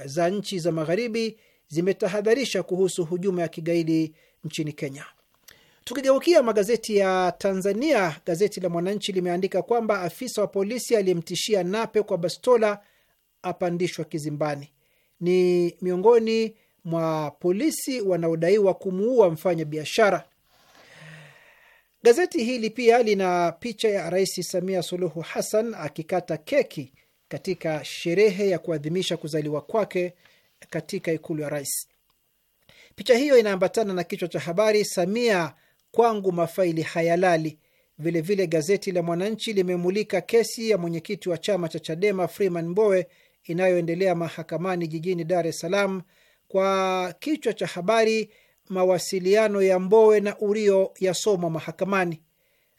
za nchi za magharibi zimetahadharisha kuhusu hujuma ya kigaidi nchini Kenya. Tukigeukia magazeti ya Tanzania, gazeti la Mwananchi limeandika kwamba afisa wa polisi aliyemtishia Nape kwa bastola apandishwa kizimbani. Ni miongoni mwa polisi wanaodaiwa kumuua mfanya biashara. Gazeti hili pia lina picha ya Rais Samia Suluhu Hassan akikata keki katika sherehe ya kuadhimisha kuzaliwa kwake katika ikulu ya rais. Picha hiyo inaambatana na kichwa cha habari, Samia kwangu mafaili hayalali. Vilevile vile gazeti la Mwananchi limemulika kesi ya mwenyekiti wa chama cha Chadema Freeman Mbowe inayoendelea mahakamani jijini Dar es Salaam kwa kichwa cha habari, mawasiliano ya Mbowe na Urio yasomwa mahakamani.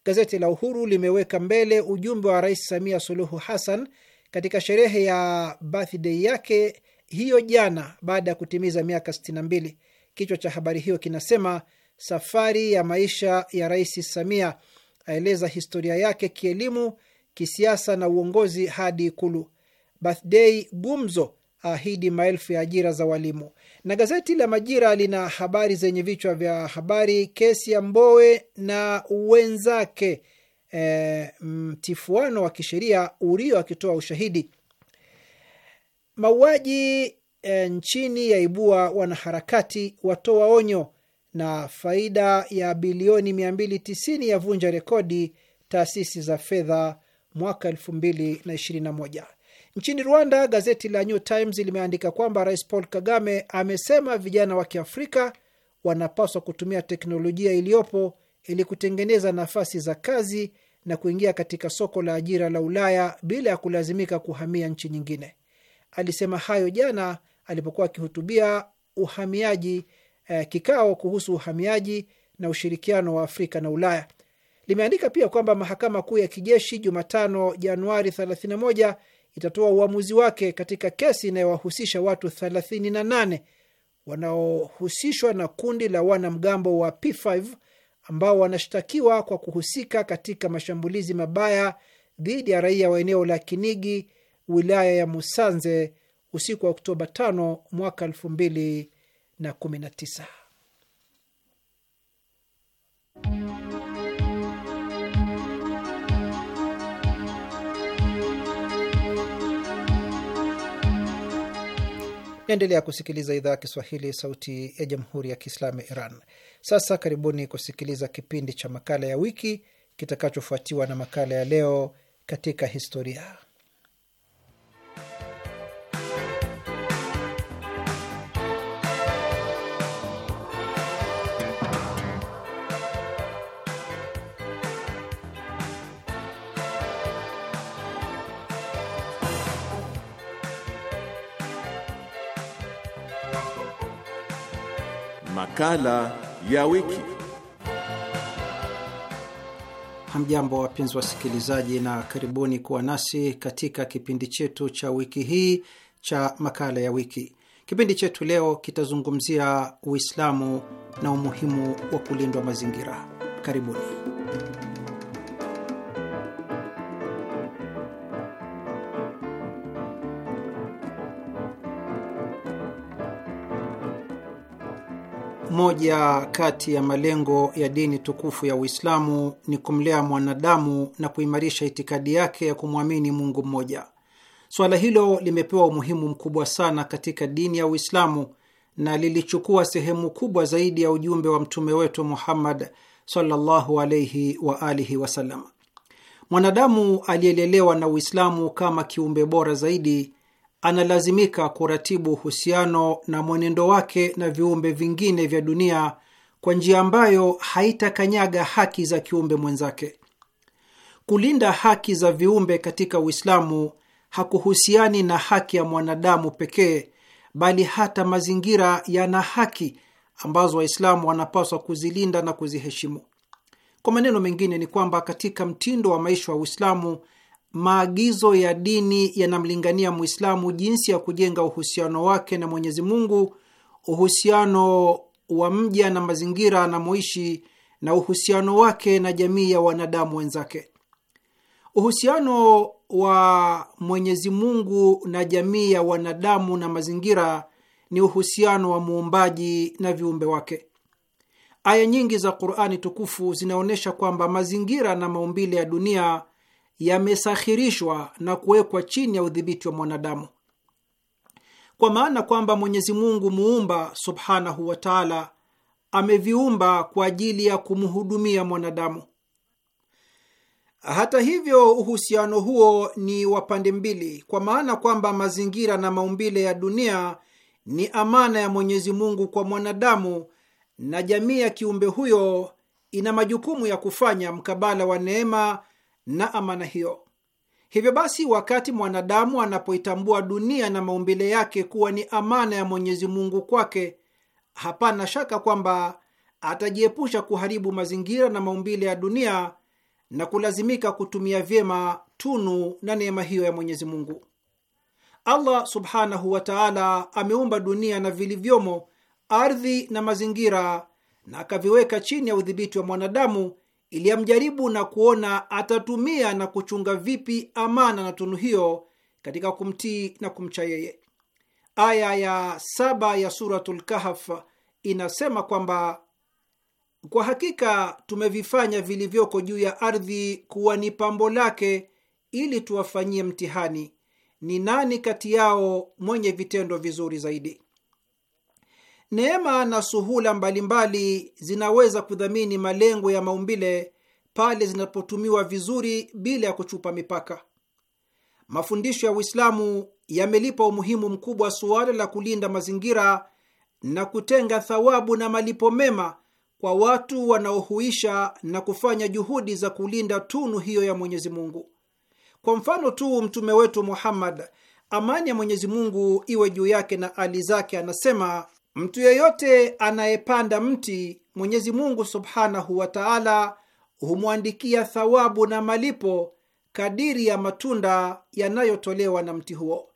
Gazeti la Uhuru limeweka mbele ujumbe wa Rais Samia Suluhu Hassan katika sherehe ya birthday yake hiyo jana baada ya kutimiza miaka 62. Kichwa cha habari hiyo kinasema safari ya maisha ya Rais Samia, aeleza historia yake kielimu, kisiasa na uongozi hadi Ikulu. Birthday gumzo ahidi maelfu ya ajira za walimu. Na gazeti la Majira lina habari zenye vichwa vya habari: kesi ya Mbowe na wenzake, e, mtifuano wa kisheria, Urio akitoa ushahidi, mauaji e, nchini yaibua wanaharakati, watoa onyo, na faida ya bilioni 290 ya vunja rekodi taasisi za fedha mwaka 2021. Nchini Rwanda, gazeti la New Times limeandika kwamba Rais Paul Kagame amesema vijana wa Kiafrika wanapaswa kutumia teknolojia iliyopo ili kutengeneza nafasi za kazi na kuingia katika soko la ajira la Ulaya bila ya kulazimika kuhamia nchi nyingine. Alisema hayo jana alipokuwa akihutubia uhamiaji eh, kikao kuhusu uhamiaji na ushirikiano wa Afrika na Ulaya. Limeandika pia kwamba mahakama kuu ya kijeshi Jumatano Januari 31 itatoa uamuzi wake katika kesi inayowahusisha watu 38 wanaohusishwa na kundi la wanamgambo wa P5 ambao wanashtakiwa kwa kuhusika katika mashambulizi mabaya dhidi ya raia wa eneo la Kinigi, wilaya ya Musanze usiku wa Oktoba 5 mwaka na 19. Naendelea kusikiliza idhaa ya Kiswahili, sauti ya jamhuri ya kiislamu ya Iran. Sasa karibuni kusikiliza kipindi cha makala ya wiki kitakachofuatiwa na makala ya leo katika historia. Makala ya wiki. Hamjambo, wapenzi wasikilizaji, na karibuni kuwa nasi katika kipindi chetu cha wiki hii cha makala ya wiki. Kipindi chetu leo kitazungumzia Uislamu na umuhimu wa kulindwa mazingira. Karibuni. Moja kati ya malengo ya dini tukufu ya Uislamu ni kumlea mwanadamu na kuimarisha itikadi yake ya kumwamini Mungu mmoja. Suala hilo limepewa umuhimu mkubwa sana katika dini ya Uislamu na lilichukua sehemu kubwa zaidi ya ujumbe wa mtume wetu Muhammad sallallahu wa alihi wasallam. Mwanadamu aliyelelewa na Uislamu kama kiumbe bora zaidi analazimika kuratibu uhusiano na mwenendo wake na viumbe vingine vya dunia kwa njia ambayo haitakanyaga haki za kiumbe mwenzake. Kulinda haki za viumbe katika Uislamu hakuhusiani na haki ya mwanadamu pekee, bali hata mazingira yana haki ambazo Waislamu wanapaswa kuzilinda na kuziheshimu. Kwa maneno mengine, ni kwamba katika mtindo wa maisha wa Uislamu maagizo ya dini yanamlingania Mwislamu jinsi ya kujenga uhusiano wake na Mwenyezi Mungu, uhusiano wa mja na mazingira anamoishi na uhusiano wake na jamii ya wanadamu wenzake. Uhusiano wa Mwenyezi Mungu na jamii ya wanadamu na mazingira ni uhusiano wa muumbaji na viumbe wake. Aya nyingi za Qur'ani tukufu zinaonyesha kwamba mazingira na maumbile ya dunia yamesahirishwa na kuwekwa chini ya udhibiti wa mwanadamu, kwa maana kwamba Mwenyezi Mungu muumba subhanahu wa taala ameviumba kwa ajili ya kumhudumia mwanadamu. Hata hivyo, uhusiano huo ni wa pande mbili, kwa maana kwamba mazingira na maumbile ya dunia ni amana ya Mwenyezi Mungu kwa mwanadamu, na jamii ya kiumbe huyo ina majukumu ya kufanya mkabala wa neema na amana hiyo. Hivyo basi, wakati mwanadamu anapoitambua dunia na maumbile yake kuwa ni amana ya Mwenyezi Mungu kwake, hapana shaka kwamba atajiepusha kuharibu mazingira na maumbile ya dunia na kulazimika kutumia vyema tunu na neema hiyo ya Mwenyezi Mungu. Allah subhanahu wa taala ameumba dunia na vilivyomo, ardhi na mazingira, na akaviweka chini ya udhibiti wa mwanadamu ili amjaribu na kuona atatumia na kuchunga vipi amana na tunu hiyo katika kumtii na kumcha yeye. Aya ya saba ya Suratul Kahf inasema kwamba kwa hakika tumevifanya vilivyoko juu ya ardhi kuwa ni pambo lake ili tuwafanyie mtihani, ni nani kati yao mwenye vitendo vizuri zaidi. Neema na suhula mbalimbali mbali zinaweza kudhamini malengo ya maumbile pale zinapotumiwa vizuri bila ya kuchupa mipaka. Mafundisho ya Uislamu yamelipa umuhimu mkubwa suala la kulinda mazingira na kutenga thawabu na malipo mema kwa watu wanaohuisha na kufanya juhudi za kulinda tunu hiyo ya Mwenyezi Mungu. Kwa mfano tu, mtume wetu Muhammad, amani ya Mwenyezi Mungu iwe juu yake na ali zake, anasema Mtu yeyote anayepanda mti Mwenyezi Mungu subhanahu wa taala humwandikia thawabu na malipo kadiri ya matunda yanayotolewa na mti huo.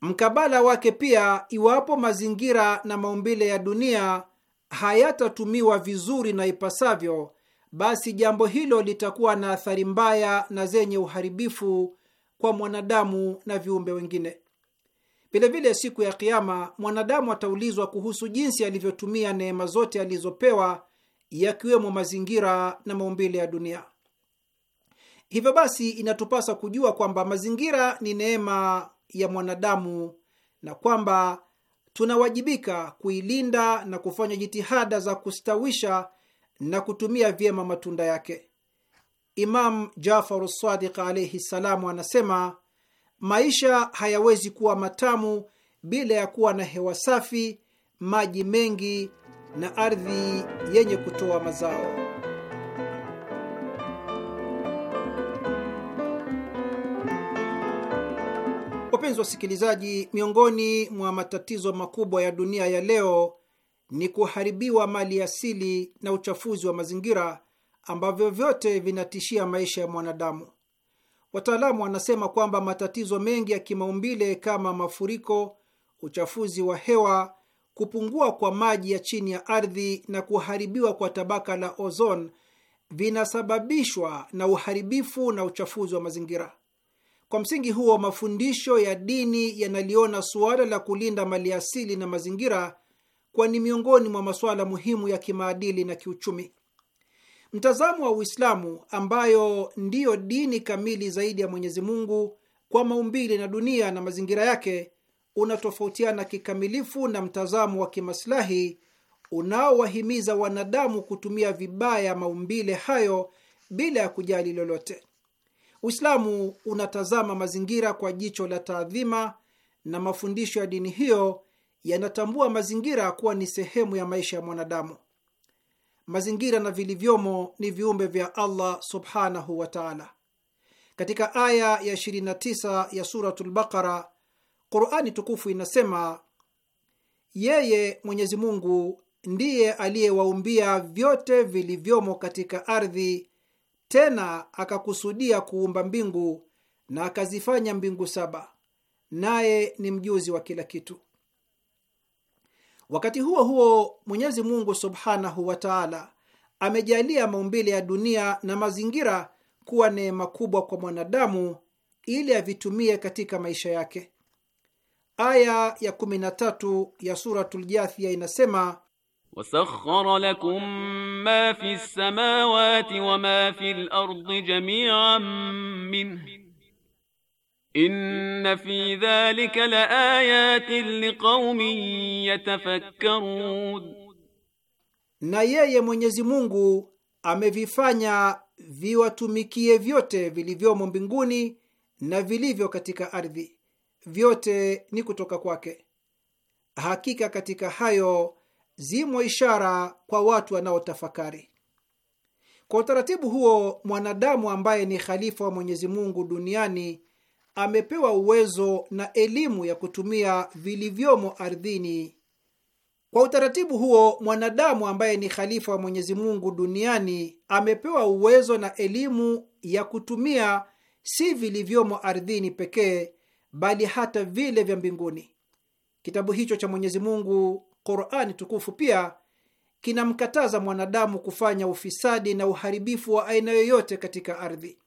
Mkabala wake pia, iwapo mazingira na maumbile ya dunia hayatatumiwa vizuri na ipasavyo, basi jambo hilo litakuwa na athari mbaya na zenye uharibifu kwa mwanadamu na viumbe wengine. Vilevile siku ya Kiama mwanadamu ataulizwa kuhusu jinsi alivyotumia neema zote alizopewa, yakiwemo mazingira na maumbile ya dunia. Hivyo basi, inatupasa kujua kwamba mazingira ni neema ya mwanadamu na kwamba tunawajibika kuilinda na kufanya jitihada za kustawisha na kutumia vyema matunda yake. Imam Jafar Sadiq alaihi ssalamu anasema Maisha hayawezi kuwa matamu bila ya kuwa na hewa safi, maji mengi na ardhi yenye kutoa mazao. Wapenzi wasikilizaji, miongoni mwa matatizo makubwa ya dunia ya leo ni kuharibiwa mali asili na uchafuzi wa mazingira ambavyo vyote vinatishia maisha ya mwanadamu. Wataalamu wanasema kwamba matatizo mengi ya kimaumbile kama mafuriko, uchafuzi wa hewa, kupungua kwa maji ya chini ya ardhi na kuharibiwa kwa tabaka la ozon vinasababishwa na uharibifu na uchafuzi wa mazingira. Kwa msingi huo, mafundisho ya dini yanaliona suala la kulinda maliasili na mazingira kuwa ni miongoni mwa masuala muhimu ya kimaadili na kiuchumi. Mtazamo wa Uislamu, ambayo ndiyo dini kamili zaidi ya Mwenyezi Mungu kwa maumbile na dunia na mazingira yake, unatofautiana kikamilifu na mtazamo wa kimaslahi unaowahimiza wanadamu kutumia vibaya maumbile hayo bila ya kujali lolote. Uislamu unatazama mazingira kwa jicho la taadhima, na mafundisho ya dini hiyo yanatambua mazingira kuwa ni sehemu ya maisha ya mwanadamu mazingira na vilivyomo ni viumbe vya Allah subhanahu wa taala. Katika aya ya 29 ya Suratul Baqara, Qurani tukufu inasema, yeye Mwenyezi Mungu ndiye aliyewaumbia vyote vilivyomo katika ardhi, tena akakusudia kuumba mbingu na akazifanya mbingu saba, naye ni mjuzi wa kila kitu. Wakati huo huo, Mwenyezi Mungu subhanahu wa taala amejalia maumbile ya dunia na mazingira kuwa neema kubwa kwa mwanadamu ili avitumie katika maisha yake. Aya ya 13 ya Suratul Jathia inasema wasakhara lakum ma fi samawati wa ma fi lardi jami'an minhu Inna fi dhalika laayatin liqaumin yatafakkarun, na yeye Mwenyezi Mungu amevifanya viwatumikie vyote vilivyomo mbinguni na vilivyo katika ardhi, vyote ni kutoka kwake. Hakika katika hayo zimo ishara kwa watu wanaotafakari. Kwa utaratibu huo, mwanadamu ambaye ni khalifa wa Mwenyezi Mungu duniani amepewa uwezo na elimu ya kutumia vilivyomo ardhini. Kwa utaratibu huo, mwanadamu ambaye ni khalifa wa Mwenyezi Mungu duniani amepewa uwezo na elimu ya kutumia si vilivyomo ardhini pekee, bali hata vile vya mbinguni. Kitabu hicho cha Mwenyezi Mungu, Qurani Tukufu, pia kinamkataza mwanadamu kufanya ufisadi na uharibifu wa aina yoyote katika ardhi.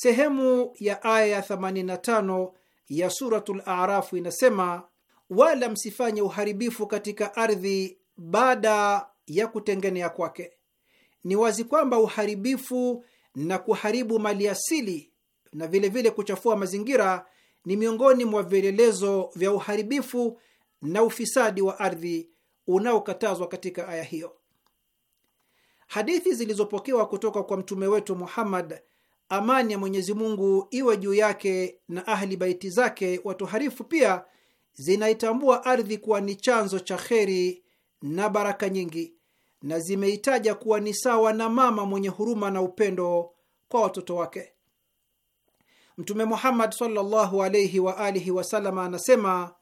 Sehemu ya aya 85 ya Suratul Arafu inasema, wala msifanye uharibifu katika ardhi baada ya kutengenea kwake. Ni wazi kwamba uharibifu na kuharibu mali asili na vilevile vile kuchafua mazingira ni miongoni mwa vielelezo vya uharibifu na ufisadi wa ardhi unaokatazwa katika aya hiyo. Hadithi zilizopokewa kutoka kwa mtume wetu Muhammad amani ya Mwenyezi Mungu iwe juu yake na ahli baiti zake watoharifu pia zinaitambua ardhi kuwa ni chanzo cha kheri na baraka nyingi, na zimeitaja kuwa ni sawa na mama mwenye huruma na upendo kwa watoto wake. Mtume Muhammad sallallahu alayhi wa alihi wasalama anasema,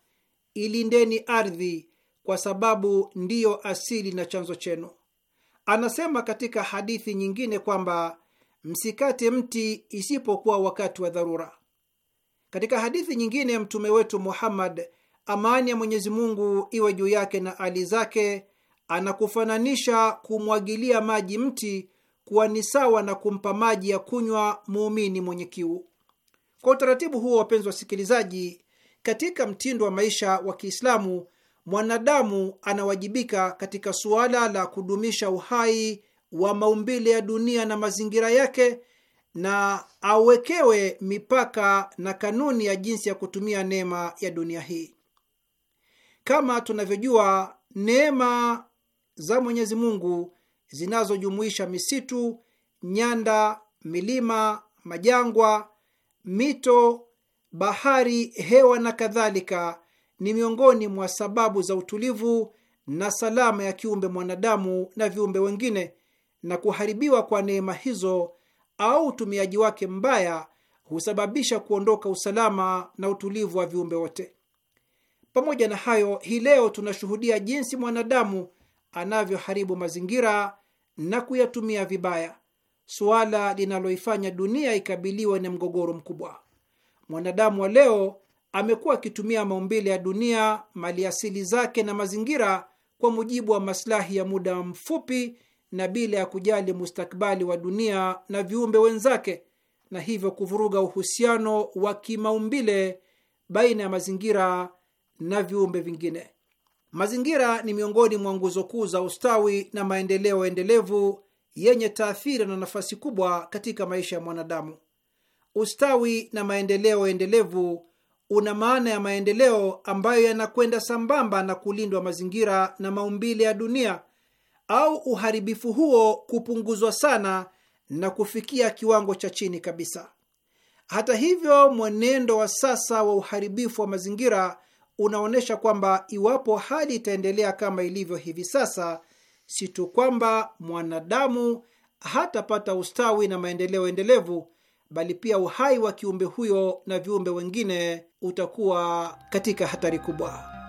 ilindeni ardhi kwa sababu ndiyo asili na chanzo chenu. Anasema katika hadithi nyingine kwamba msikate mti isipokuwa wakati wa dharura. Katika hadithi nyingine, mtume wetu Muhammad, amani ya Mwenyezi Mungu iwe juu yake na ali zake, anakufananisha kumwagilia maji mti kuwa ni sawa na kumpa maji ya kunywa muumini mwenye kiu. Kwa utaratibu huo, wapenzi wasikilizaji, katika mtindo wa maisha wa Kiislamu mwanadamu anawajibika katika suala la kudumisha uhai wa maumbile ya dunia na mazingira yake na awekewe mipaka na kanuni ya jinsi ya kutumia neema ya dunia hii. Kama tunavyojua, neema za Mwenyezi Mungu zinazojumuisha misitu, nyanda, milima, majangwa, mito, bahari, hewa na kadhalika ni miongoni mwa sababu za utulivu na salama ya kiumbe mwanadamu na viumbe wengine na kuharibiwa kwa neema hizo au utumiaji wake mbaya husababisha kuondoka usalama na utulivu wa viumbe wote. Pamoja na hayo, hii leo tunashuhudia jinsi mwanadamu anavyoharibu mazingira na kuyatumia vibaya, suala linaloifanya dunia ikabiliwe na mgogoro mkubwa. Mwanadamu wa leo amekuwa akitumia maumbile ya dunia, maliasili zake na mazingira kwa mujibu wa maslahi ya muda mfupi na bila ya kujali mustakbali wa dunia na viumbe wenzake, na hivyo kuvuruga uhusiano wa kimaumbile baina ya mazingira na viumbe vingine. Mazingira ni miongoni mwa nguzo kuu za ustawi na maendeleo endelevu yenye taathiri na nafasi kubwa katika maisha ya mwanadamu. Ustawi na maendeleo endelevu una maana ya maendeleo ambayo yanakwenda sambamba na kulindwa mazingira na maumbile ya dunia au uharibifu huo kupunguzwa sana na kufikia kiwango cha chini kabisa. Hata hivyo, mwenendo wa sasa wa uharibifu wa mazingira unaonyesha kwamba iwapo hali itaendelea kama ilivyo hivi sasa, si tu kwamba mwanadamu hatapata ustawi na maendeleo endelevu, bali pia uhai wa kiumbe huyo na viumbe wengine utakuwa katika hatari kubwa.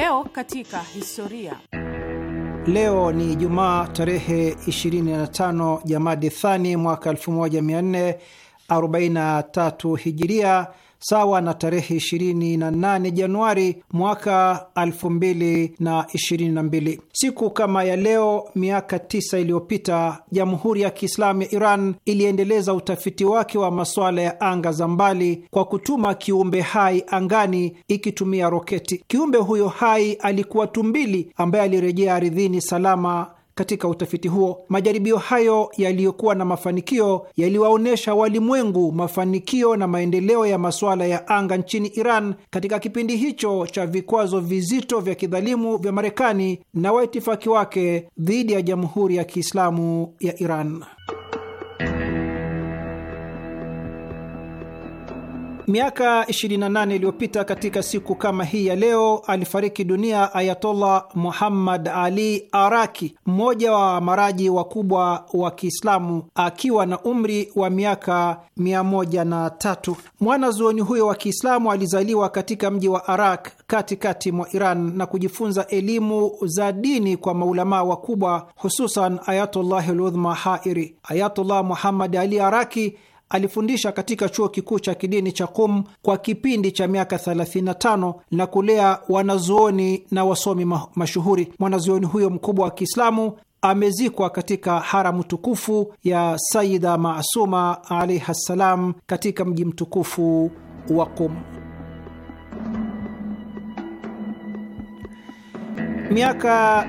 Leo katika historia. Leo ni Jumaa tarehe 25 Jamadi Thani mwaka 1443 Hijiria, sawa na tarehe 28 Januari mwaka 2022. Siku kama ya leo miaka tisa iliyopita Jamhuri ya Kiislamu ya Iran iliendeleza utafiti wake wa masuala ya anga za mbali kwa kutuma kiumbe hai angani ikitumia roketi. Kiumbe huyo hai alikuwa tumbili ambaye alirejea ardhini salama katika utafiti huo, majaribio hayo yaliyokuwa na mafanikio yaliwaonyesha walimwengu mafanikio na maendeleo ya masuala ya anga nchini Iran katika kipindi hicho cha vikwazo vizito vya kidhalimu vya Marekani na waitifaki wake dhidi ya Jamhuri ya Kiislamu ya Iran. Miaka 28 iliyopita katika siku kama hii ya leo alifariki dunia Ayatollah Muhammad Ali Araki, mmoja wa maraji wakubwa wa Kiislamu akiwa na umri wa miaka 103. Mwanazuoni huyo wa Kiislamu alizaliwa katika mji wa Arak katikati mwa Iran na kujifunza elimu za dini kwa maulamaa wakubwa, hususan Ayatullahi Ludhma Hairi. Ayatullah Muhammad Ali Araki alifundisha katika chuo kikuu cha kidini cha Qum kwa kipindi cha miaka 35 na kulea wanazuoni na wasomi mashuhuri. Mwanazuoni huyo mkubwa wa Kiislamu amezikwa katika haramu tukufu ya Sayida Masuma alaihi ssalam katika mji mtukufu wa Qum. Miaka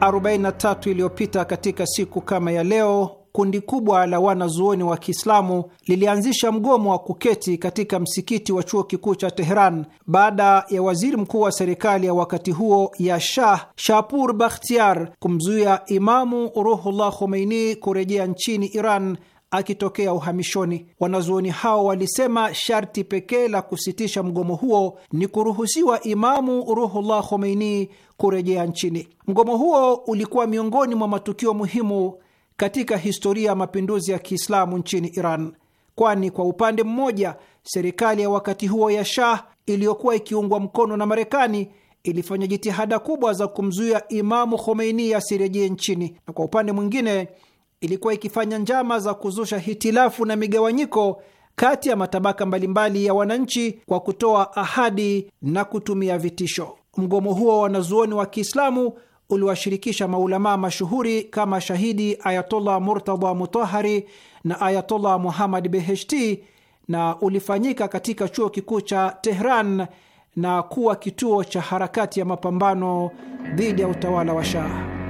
43 iliyopita katika siku kama ya leo kundi kubwa la wanazuoni wa Kiislamu lilianzisha mgomo wa kuketi katika msikiti wa chuo kikuu cha Teheran baada ya waziri mkuu wa serikali ya wakati huo ya Shah Shapur Bakhtiar kumzuia Imamu Ruhullah Khomeini kurejea nchini Iran akitokea uhamishoni. Wanazuoni hao walisema sharti pekee la kusitisha mgomo huo ni kuruhusiwa Imamu Ruhullah Khomeini kurejea nchini. Mgomo huo ulikuwa miongoni mwa matukio muhimu katika historia ya mapinduzi ya Kiislamu nchini Iran, kwani kwa upande mmoja serikali ya wakati huo ya Shah iliyokuwa ikiungwa mkono na Marekani ilifanya jitihada kubwa za kumzuia Imamu Khomeini asirejee nchini, na kwa upande mwingine ilikuwa ikifanya njama za kuzusha hitilafu na migawanyiko kati ya matabaka mbalimbali ya wananchi kwa kutoa ahadi na kutumia vitisho. Mgomo huo wa wanazuoni wa Kiislamu uliwashirikisha maulamaa mashuhuri kama shahidi Ayatollah Murtadha Mutahari na Ayatollah Muhammad Beheshti na ulifanyika katika chuo kikuu cha Tehran na kuwa kituo cha harakati ya mapambano dhidi ya utawala wa shaha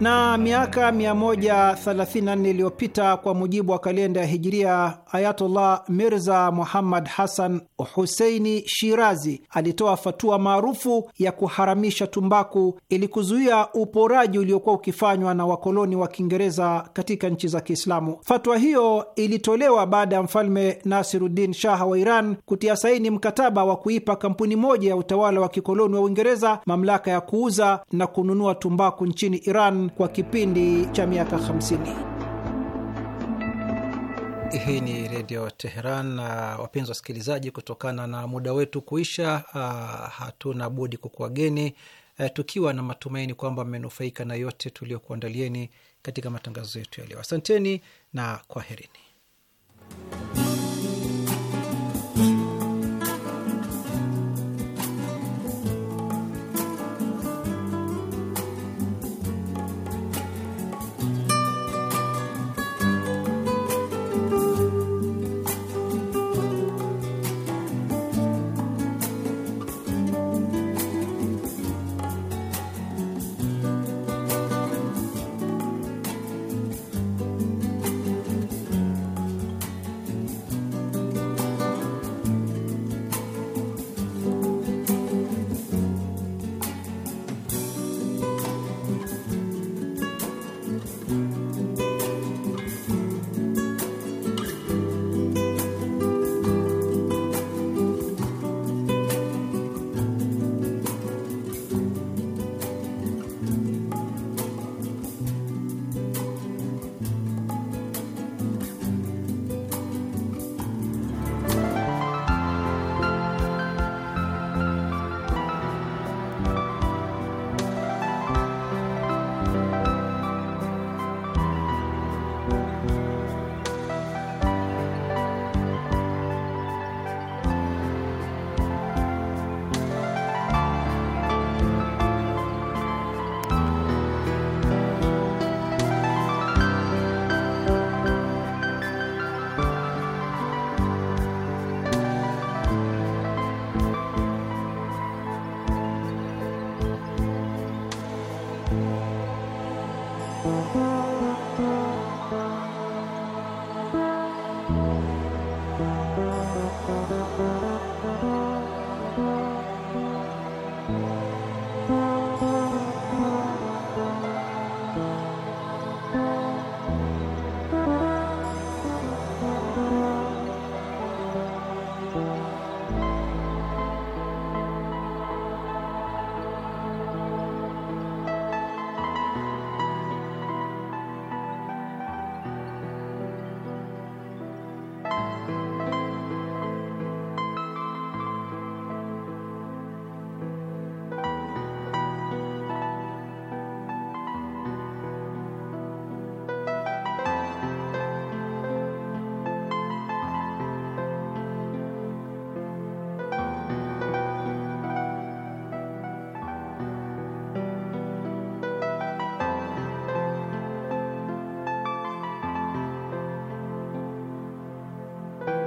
na miaka 134 iliyopita kwa mujibu wa kalenda ya Hijiria, Ayatullah Mirza Muhammad Hassan Huseini Shirazi alitoa fatua maarufu ya kuharamisha tumbaku ili kuzuia uporaji uliokuwa ukifanywa na wakoloni wa Kiingereza katika nchi za Kiislamu. Fatua hiyo ilitolewa baada ya Mfalme Nasiruddin Shah wa Iran kutia saini mkataba wa kuipa kampuni moja ya utawala wa kikoloni wa Uingereza mamlaka ya kuuza na kununua tumbaku nchini Iran kwa kipindi cha miaka 50. Hii ni Redio Teheran na wapenzi wasikilizaji, kutokana na muda wetu kuisha, ah, hatuna budi kukuageni eh, tukiwa na matumaini kwamba mmenufaika na yote tuliyokuandalieni katika matangazo yetu ya leo. Asanteni na kwaherini.